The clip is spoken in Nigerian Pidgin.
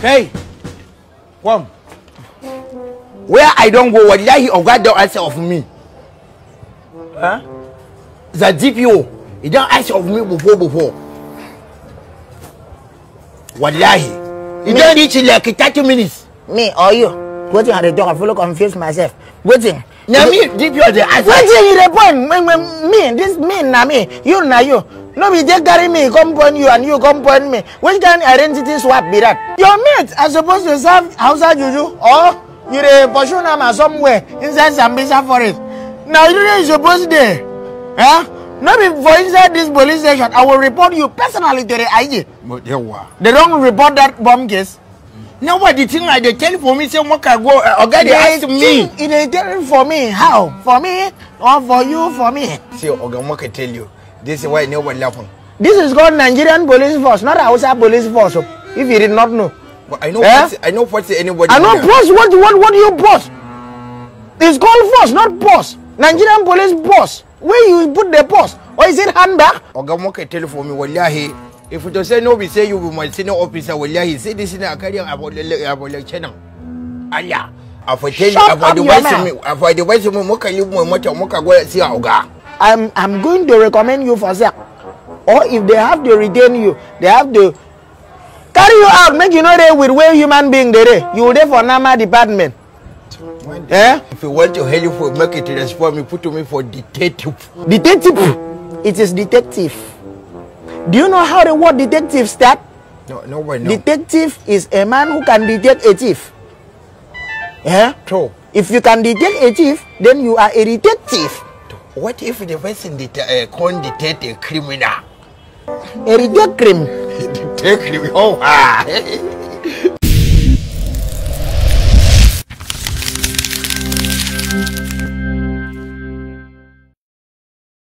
Hey, Kwam, where I don't go, wallahi of God don't answer of me. Huh? The DPO, he don't answer of me before before. Wallahi. He He don't reach like 30 minutes. Me or you? Waiting at the door, I feel confused myself. Waiting na me give you the answer. wetin you dey point me this me na me you na you no be dey carry me come point you and you come point me which kind identity swap be that. your mate are supposed to serve outside you, juju or you dey pursue am somewhere inside sambisa forest Now you dey suppose there, huh? no be for inside this police station i will report you personally to the ig. But they were. They don't report that bomb case nobody think i they tell for me say can go uh, oga dey ask me e dey telling for me how for me or for you for me See, say oga can tell you this is why nobody laugh this is called nigerian police force not hausa police force o oh. if you did not know but i know eh? what i know what anybody i know boss what what what you boss it's called force not boss nigerian police boss where you put the boss or is it handbag oga can tell for me wallahi if to say no we say you be my senior officer wallahi say this a na carry abolace nan Allah a fate ni a fadi wasu mu a fadi wasu mu muka yi mu mata muka goya sai a uga I'm I'm going to recommend you for sir. or if they have to retain you they have to carry you out make you know they with where human being dey dey you there for nama department. Eh? If you want to help, you, make it respond, you put me for detective. Detective? It is detective. Do you know how the word detective start? No, no way, no. Detective is a man who can detect a thief. Yeah? True. If you can detect a thief, then you are a detective. What if the person det- uh, can detect a criminal? A detect criminal? Oh, ah.